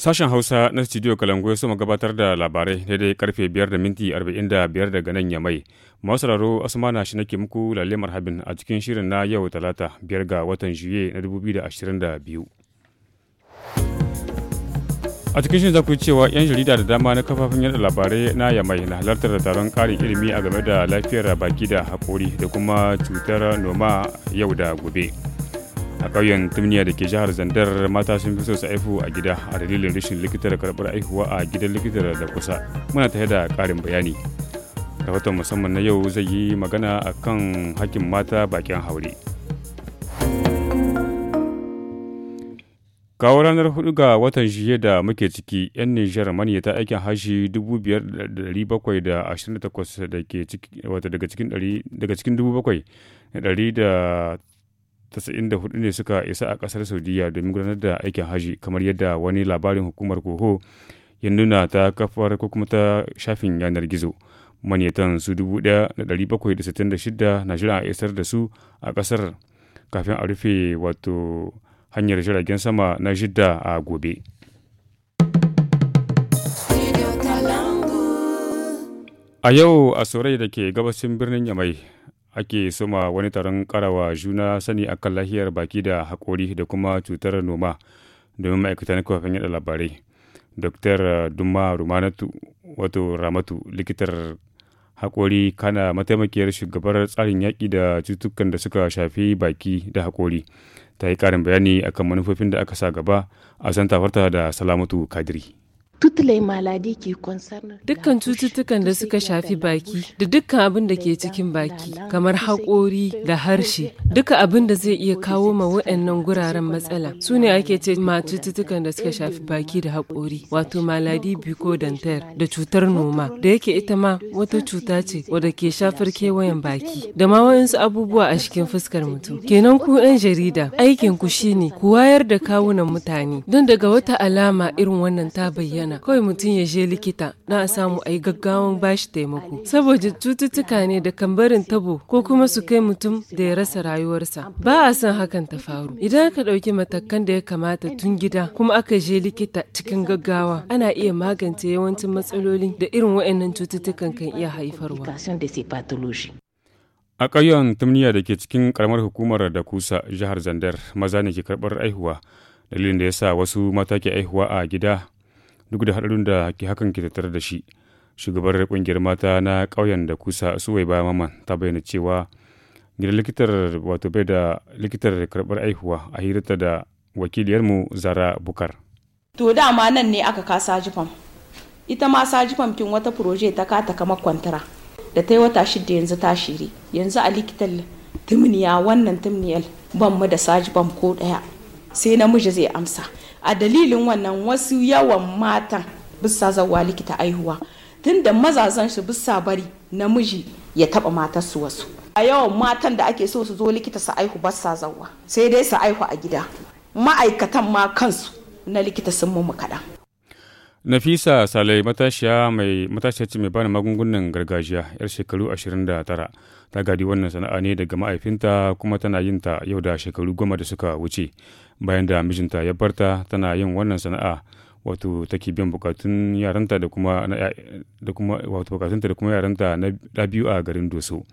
Sashen Hausa na Studio ya suma gabatar da labarai daidai karfe 5 da minti 45 daga nan yamai. Masu sauraro Asmana shi nake muku lalle marhabin a cikin shirin na yau talata 5 ga watan Juye na 2022. a cikin shirin za ku cewa 'yan jarida da dama na kafafen yada labarai na yamai na halartar da taron karin ilimi a game da lafiyar baki da haƙori da kuma cutar noma yau da gobe. a ƙauyen tumniya da ke jihar zandar mata sun fi so su aihu a gida a dalilin rashin likitar karɓar aihuwa a gidan likitar da kusa muna tare da ƙarin bayani rahoton musamman na yau zai yi magana a kan hakkin mata bakin haure kawo ranar huɗu ga watan jiye da muke ciki 'yan nijar ta aikin hashi 5,728 da ke daga cikin da. 94 ne suka isa a kasar saudiya domin gudanar da aikin haji kamar yadda wani labarin hukumar koho ya nuna ta kafar ko kuma ta shafin yanar gizo manyatan su 1766 na shirin a isar da su a kasar kafin a rufe wato hanyar jiragen sama na jidda a gobe a yau a sorai da ke gabashin birnin yamai ake soma wani taron karawa juna sani akan lahiyar baki da haƙori da kuma cutar noma domin ma'aikatan kafin yada labarai dr eh, duma rumanatu wato ramatu likitar haƙori kana mataimakiyar shugabar tsarin yaƙi da cutukan da suka shafi baki da haƙori ta yi ƙarin bayani akan manufofin da aka sa gaba a tafarta da salamatu kadiri Dukkan cututtukan da suka shafi baki da dukkan abin da ke cikin baki kamar haƙori da harshe duka abin da zai iya kawo ma waɗannan guraren matsala su ne ake ce ma cututtukan da suka shafi baki da haƙori wato maladi biko dantar da cutar noma da yake ita ma wata cuta ce wadda ke shafar kewayen baki da ma waɗansu abubuwa a cikin fuskar mutum kenan ku 'yan jarida aikin ku shine ku wayar da kawunan mutane don daga wata alama irin wannan ta bayyana magana kawai mutum ya je likita na a samu a yi gaggawan bashi taimako saboda cututtuka ne da kan barin tabo ko kuma su kai mutum da ya rasa rayuwarsa ba a son hakan ta faru idan aka ɗauki matakan da ya kamata tun gida kuma aka je likita cikin gaggawa ana iya magance yawancin matsaloli da irin waɗannan cututtukan kan iya haifarwa a ƙauyen tumniya da ke cikin karamar hukumar da kusa jihar zandar maza ne ke karbar aihuwa dalilin da ya sa wasu mata ke aihuwa a gida duk da haɗarin da ke hakan ke tattare da shi shugabar kungiyar mata na ƙauyen da kusa suwai bayan mama ta bayyana cewa gidan likitar wato bai da likitar karɓar aihuwa a hirarta da wakiliyarmu zara bukar to dama nan ne aka ka sajifam ita ma sajifam kin wata proje ta kata kamar kwantara da ta yi wata shida yanzu ta shiri yanzu a likitan tumniya wannan tumniyal ban mu da sajifam ko ɗaya sai namiji zai amsa a dalilin wannan wasu yawan matan bisa zawa likita aihuwa tunda mazazan shi bisa bari namiji ya taba matarsu wasu a yawan matan da ake so su zo likita su aihu ba sa zawa sai dai su aihu a gida ma'aikatan ma kansu na likita sun mu kaɗan Nafisa Salai matashiya mai matashiya ce mai bani magungunan gargajiya yar shekaru 29 ta gadi wannan sana'a ne daga ma'aifinta kuma tana yin ta yau da shekaru goma da suka wuce bayan da mijinta ya barta tana yin wannan sana'a wato take biyan bukatun yaranta da kuma da kuma wato bukatunta da kuma yaranta na biyu a garin Doso.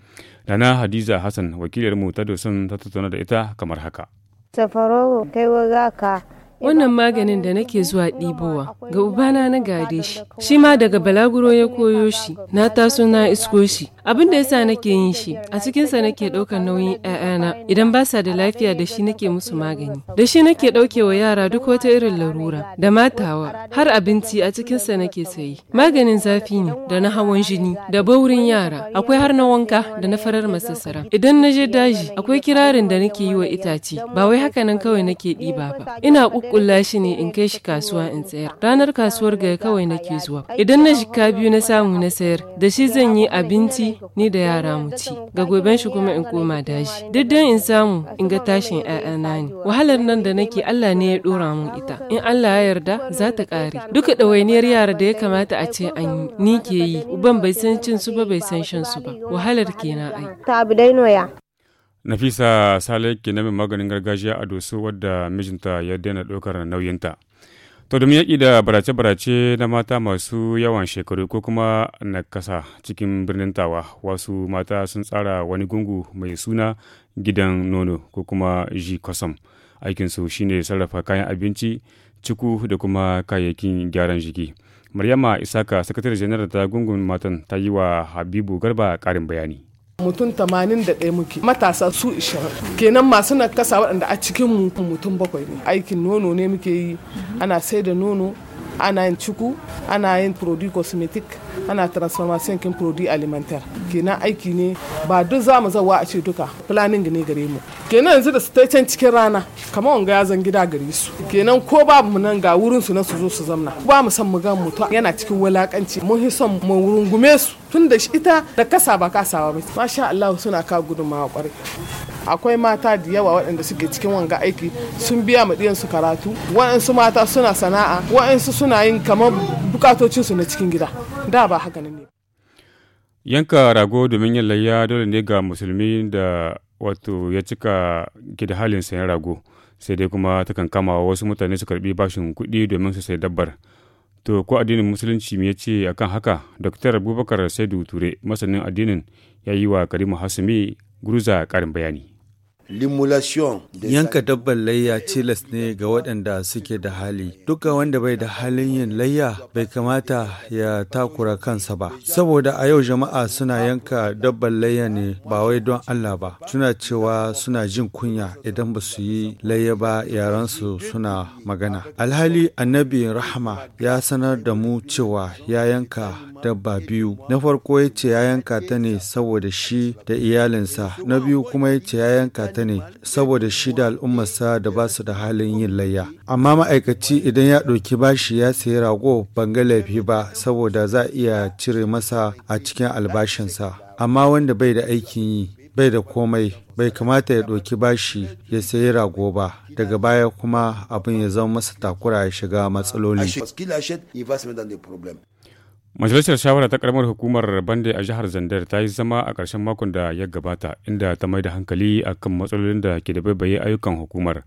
Nana Hadiza Hassan wakilar mu ta Doson ta tattauna da ita kamar haka. Safaro kai wa ka Wannan maganin da nake zuwa ɗibowa ga ubana na gade shi, shi ma daga balaguro ya koyo shi, na taso na isko shi. Abin da yasa nake yin shi, a cikinsa nake ɗaukar nauyin ‘ya'yana idan ba sa da lafiya da shi nake musu magani. Da shi nake ɗauke wa yara duk wata irin larura, da matawa, har abinci a cikinsa nake sayi. Maganin zafi ne, da na hawan jini, da baurin yara, akwai har na wanka da na farar masassara. Idan na je daji, akwai kirarin da nake yi wa itace, ba wai haka nan kawai nake ɗiba ba. Ina kulla shi ne in kai shi kasuwa in tsayar ranar kasuwar gaya kawai nake zuwa idan na shika biyu na samu na sayar da shi zan yi abinci ni da yara mu ci ga goben shi kuma in koma dashi duk dan in samu in ga tashin ƴaƴana ne wahalar nan da nake Allah ne ya dora mun ita in Allah ya yarda za ta ƙare duka ɗawainiyar yara da ya kamata a ce an ni ke yi uban bai san cin su ba bai san shan su ba wahalar kenan ai Ta dai noya. Nafisa Sale ke namin maganin gargajiya a doso wadda mijinta ya daina ɗaukar nauyinta. To domin yaƙi da barace-barace na mata masu yawan shekaru ko kuma nakasa cikin birnin tawa wasu mata sun tsara wani gungu mai suna gidan nono ko kuma ji kwasam. Aikinsu shine sarrafa kayan abinci, ciku da kuma kayayyakin gyaran jiki. Maryama Isaka, sakatare janar ta gungun matan ta yi wa Habibu Garba ƙarin bayani. mutum tamanin da ɗaya muke matasa su 20 kenan masu nakasa waɗanda a cikin mu mutum bakwai ne aikin nono ne muke yi ana sai da nono ana yin ciku ana yin produit cosmetic ana transformation kin produit alimentaire kenan aiki ne ba duk za mu zawa a ce duka planning ne gare mu kenan yanzu da su ta can cikin rana kamar wanga ya zan gida gare su kenan ko babu mu nan ga wurin su na su zo su zamna ba mu san mu ga mutu yana cikin wulakanci mun fi son mu rungume su tun da shi ita da kasa ba kasa ba masha Allah suna ka a kwarai akwai mata da yawa waɗanda suke cikin wanga aiki sun biya ma su karatu waɗansu mata suna sana'a waɗansu suna yin kamar bukatocinsu na cikin gida da ba haka ne yanka rago domin yin layya dole ne ga musulmi da wato ya cika gida halin sayan rago sai dai kuma takan kama wasu mutane su karbi bashin kuɗi domin su sai dabbar to ko addinin musulunci me ce akan haka dr abubakar saidu ture masanin addinin ya yi wa karimu hasumi gurza karin bayani Yanka dabbar layya tilas ne ga waɗanda suke da hali. Duka wanda bai da halin yin layya bai kamata ya takura kansa ba. Saboda a yau jama'a suna yanka dabbar layya ne ba wai don Allah ba. Suna cewa suna jin kunya idan ba su yi layya ba yaransu suna magana. Alhali annabi rahama ya sanar da mu cewa ya yanka dabba biyu. Na farko ya ce ya yanka ta ne saboda shi da iyalinsa. Na biyu kuma ya ce ya yanka ta ne saboda shi da al'ummarsa da ba su da halin yin layya. Amma ma'aikaci idan ya ɗauki bashi ya sayi rago ban ga laifi ba saboda za a iya cire masa a cikin albashinsa. Amma wanda bai da aikin yi bai da komai bai kamata ya ɗauki bashi ya sayi rago ba daga baya kuma abin ya zama masa takura ya shiga matsaloli. Majalisar shawara ta karamar hukumar Bande a jihar Zandar ta yi zama a ƙarshen makon da ya gabata inda ta mai da hankali kan matsalolin da ke da baibaye ayyukan hukumar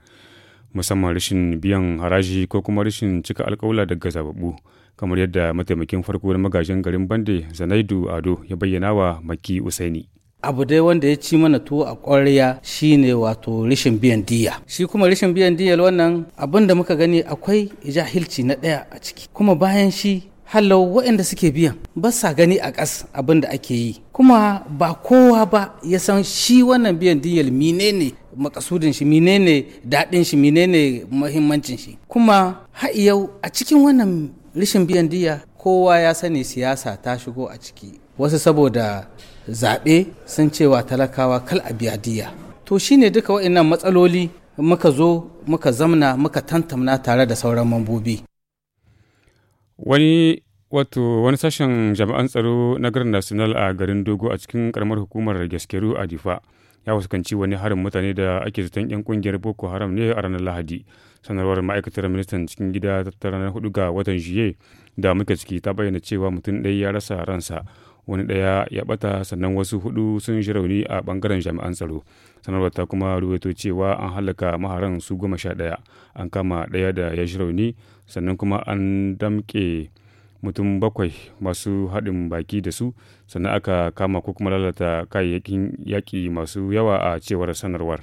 musamman rashin biyan haraji ko kuma rashin cika alƙawla daga zababbu kamar yadda mataimakin farko na magajin garin Bande Zanaidu Ado ya bayyana wa Maki Usaini. abu dai wanda ya ci mana tuwo a ƙwarya shine wato rashin biyan diya shi kuma rashin biyan diya wannan abin da muka gani akwai jahilci na ɗaya a ciki kuma bayan shi Hallo, waɗanda suke biyan ba sa gani a ƙas abin da ake yi kuma ba kowa ba ya san shi wannan biyan dinyar menene makasudin shi menene daɗin shi menene muhimmancin shi kuma har yau a cikin wannan rashin biyan diya kowa ya sani siyasa ta shigo a ciki wasu saboda zaɓe sun cewa talakawa kal a biya diya to shine duka waɗannan matsaloli muka zo muka zamna muka tantamna tare da sauran mambobi Wani wato wani sashen jami'an tsaro na garin national a garin Dogo a cikin karamar hukumar Gaskeru a Difa ya fuskanci wani harin mutane da ake zaton 'yan kungiyar Boko Haram ne a ranar Lahadi. Sanarwar ma'aikatar ministan cikin gida ta ranar hudu ga watan Juye da muka ciki ta bayyana cewa mutum ɗaya ya rasa ransa, wani ɗaya ya ɓata sannan wasu hudu sun ji rauni a bangaren jami'an tsaro. sanarwar ta kuma ruwaito cewa an halaka maharan su goma sha ɗaya an kama ɗaya da ya ji rauni sannan kuma an damƙe mutum bakwai masu haɗin baki da su sannan aka kama ko kuma lalata kayayyakin yaƙi masu yawa a cewar sanarwar.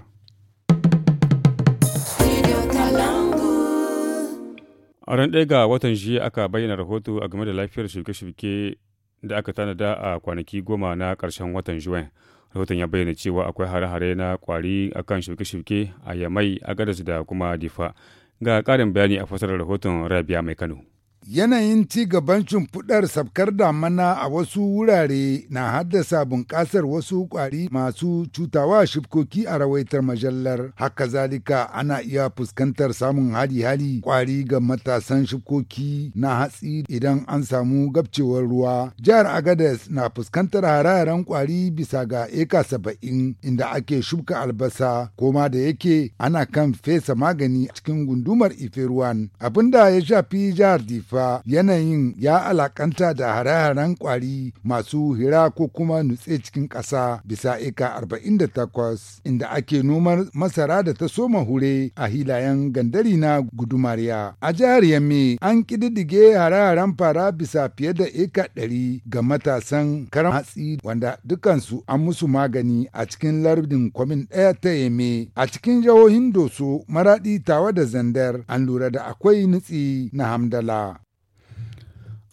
a ran ɗaya ga watan jiya aka bayyana rahoto a game da lafiyar shuke-shuke da aka tanada a kwanaki goma na ƙarshen watan juwan rahoton ya bayyana cewa akwai hare-hare na kwari akan shuke-shuke a yamai agadas da kuma difa ga ƙarin bayani a fasarar rahoton rabia mai kano Yanayin ci gaban shimfiɗar sabkar damana a wasu wurare na haddasa bunƙasar wasu ƙwari masu cutawa shifkoki a rawaitar majallar. Haka zalika ana iya fuskantar samun hali-hali ƙwari ga matasan shifkoki na hatsi idan an samu gabcewar ruwa. Jihar Agadez na fuskantar hararen ƙwari bisa ga eka saba'in inda ake shuka albasa koma da yake ana kan fesa magani cikin gundumar Ife abin abinda ya shafi jihar Difa. ba yanayin ya alakanta da hare-haren kwari masu hira ko kuma nutse cikin ƙasa bisa eka 48 inda ake nomar masara da ta soma hure a hilayen gandari na gudumariya. A jihar Yamme an ƙididdige hare-haren fara bisa fiye da eka 100 ga matasan karan hatsi wanda dukansu an musu magani a cikin lardin kwamin ɗaya ta Yamme. A cikin jihohin Doso, maradi Tawa da Zandar an lura da akwai nutsi na Hamdala.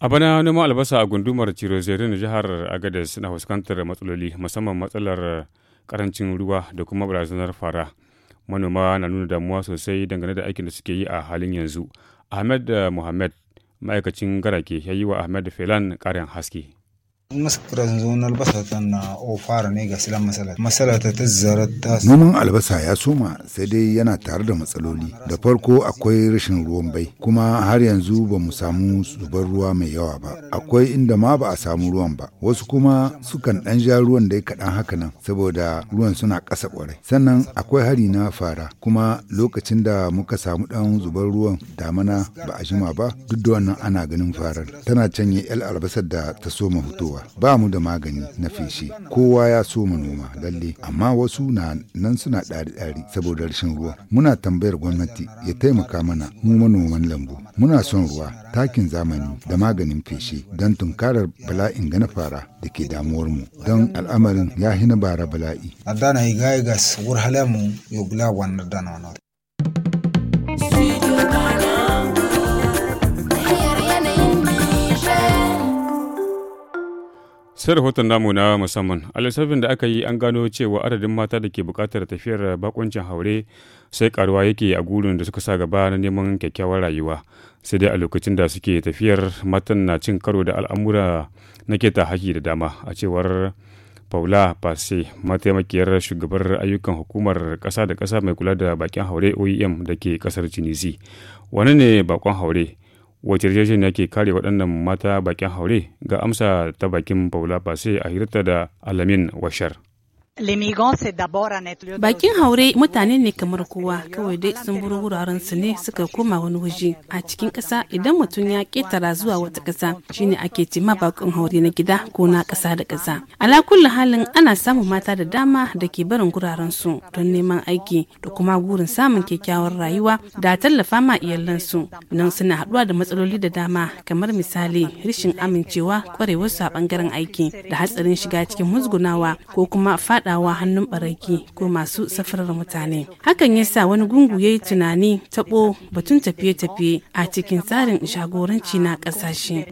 a bana noman albasa a gundumar cirozerin jihar agadez na fuskantar matsaloli musamman matsalar karancin ruwa da kuma barazanar fara manoma na nuna damuwa sosai dangane da aikin da suke yi a halin yanzu ahmed eh, muhammad ma'aikacin garake ya yi wa ahmed felan karin haske Noman albasa ya soma sai dai yana tare da matsaloli. Da farko akwai rashin ruwan bai, kuma har yanzu ba mu samu zubar ruwa mai yawa ba. Akwai inda ma ba a samu ruwan ba. Wasu kuma sukan ɗan ja ruwan da ya kaɗan haka nan, saboda ruwan suna ƙasa ƙwarai. Sannan akwai hari na fara, kuma lokacin da muka samu ɗan zubar ruwan damana ba a jima ba, duk da wannan ana ganin farar. Tana canye 'yar albasar da ta soma fitowa. ba mu da magani na feshi kowa ya so mu noma lalle amma wasu na nan suna ɗari-ɗari saboda rashin ruwa muna tambayar gwamnati ya taimaka mana mu manoman lambu muna son ruwa takin zamani da maganin feshi don tunkarar bala'in gana fara da ke damuwar mu don al'amarin ya hina bara bala'i. Adana gas wurhalemu yugla wannan danonar. sai rahoton namu na musamman a lissafin da aka yi an gano cewa adadin mata da ke bukatar tafiyar bakuncin haure sai karuwa yake a gurin da suka sa gaba na neman kyakkyawar rayuwa sai dai a lokacin da suke tafiyar matan na cin karo da al'amura na keta haki da dama a cewar paula pase mataimakiyar shugabar ayyukan hukumar kasa da kasa mai kula da bakin haure oem da ke kasar tunisi wani ne bakon haure wace yarjejeniya ke kare waɗannan mata bakin haure ga amsa ta bakin paula base a hirarta da alamin washar Bakin haure mutane ne kamar kowa kawai dai sun buru wuraren su ne suka koma wani waje a cikin ƙasa idan mutum ya ƙetara zuwa wata ƙasa shine ake ce ma bakin haure na gida ko na ƙasa da ƙasa. Ala halin ana samun mata da dama da ke barin guraren su don neman aiki da kuma gurin samun kyakkyawar rayuwa da tallafa ma iyalansu nan suna haɗuwa da matsaloli da dama kamar misali rashin amincewa kwarewar su a bangaren aiki da hatsarin shiga cikin musgunawa ko kuma fadawa hannun baraki ko masu safarar mutane hakan ya sa wani gungu ya yi tunani taɓo batun tafiye-tafiye a cikin tsarin shagoranci na ƙasashe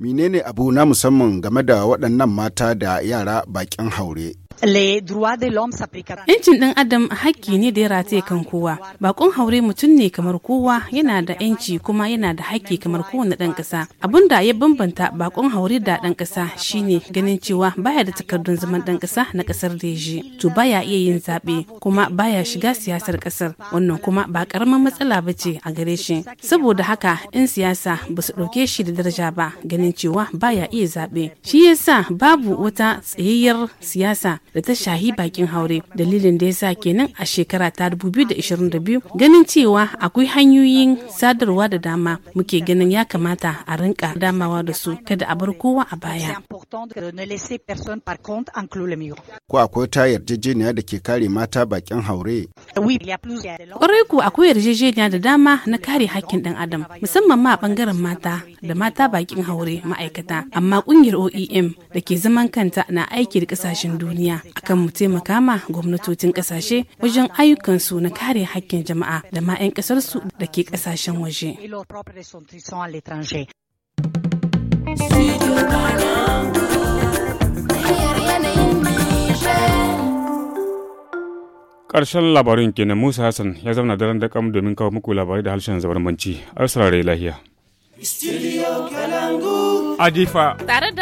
menene abu na musamman game da waɗannan mata da yara bakin haure Yancin ɗan adam haƙƙi ne da ya rataye kan kowa. baƙon haure mutum ne kamar kowa yana da yanci kuma yana da haƙƙi kamar kowane ɗan ƙasa. Abun da ya bambanta baƙon haure da ɗan ƙasa shine ganin cewa baya da takardun zaman ɗan ƙasa na ƙasar da ya To baya iya yin zaɓe kuma baya shiga siyasar ƙasar. Wannan kuma ba ƙaramin matsala ba ce a gare shi. Saboda haka 'yan siyasa ba su ɗauke shi da daraja ba ganin cewa baya iya zaɓe. Shi yasa babu wata tsayayyar siyasa da ta shahi bakin haure dalilin da ya sa kenan a shekara ta 2022 ganin cewa akwai hanyoyin sadarwa da dama muke ganin ya kamata a rinka damawa da su kada a bar kowa a baya ko akwai ta yarjejeniya da ke kare mata bakin haure kwarai ku akwai yarjejeniya da dama na kare hakkin dan adam musamman ma a bangaren mata da mata bakin haure ma'aikata amma kungiyar oem da ke zaman kanta na aiki da kasashen duniya akan mu taimaka ma gwamnatocin kasashe wajen ayyukansu na kare hakkin jama'a da ma 'yan kasarsu da ke kasashen waje. Ƙarshen labarin kenan Musa Hassan ya zauna daren da kam domin kawo muku labarai da harshen zabarmanci. Arsarar lahiya. Adifa. Tare da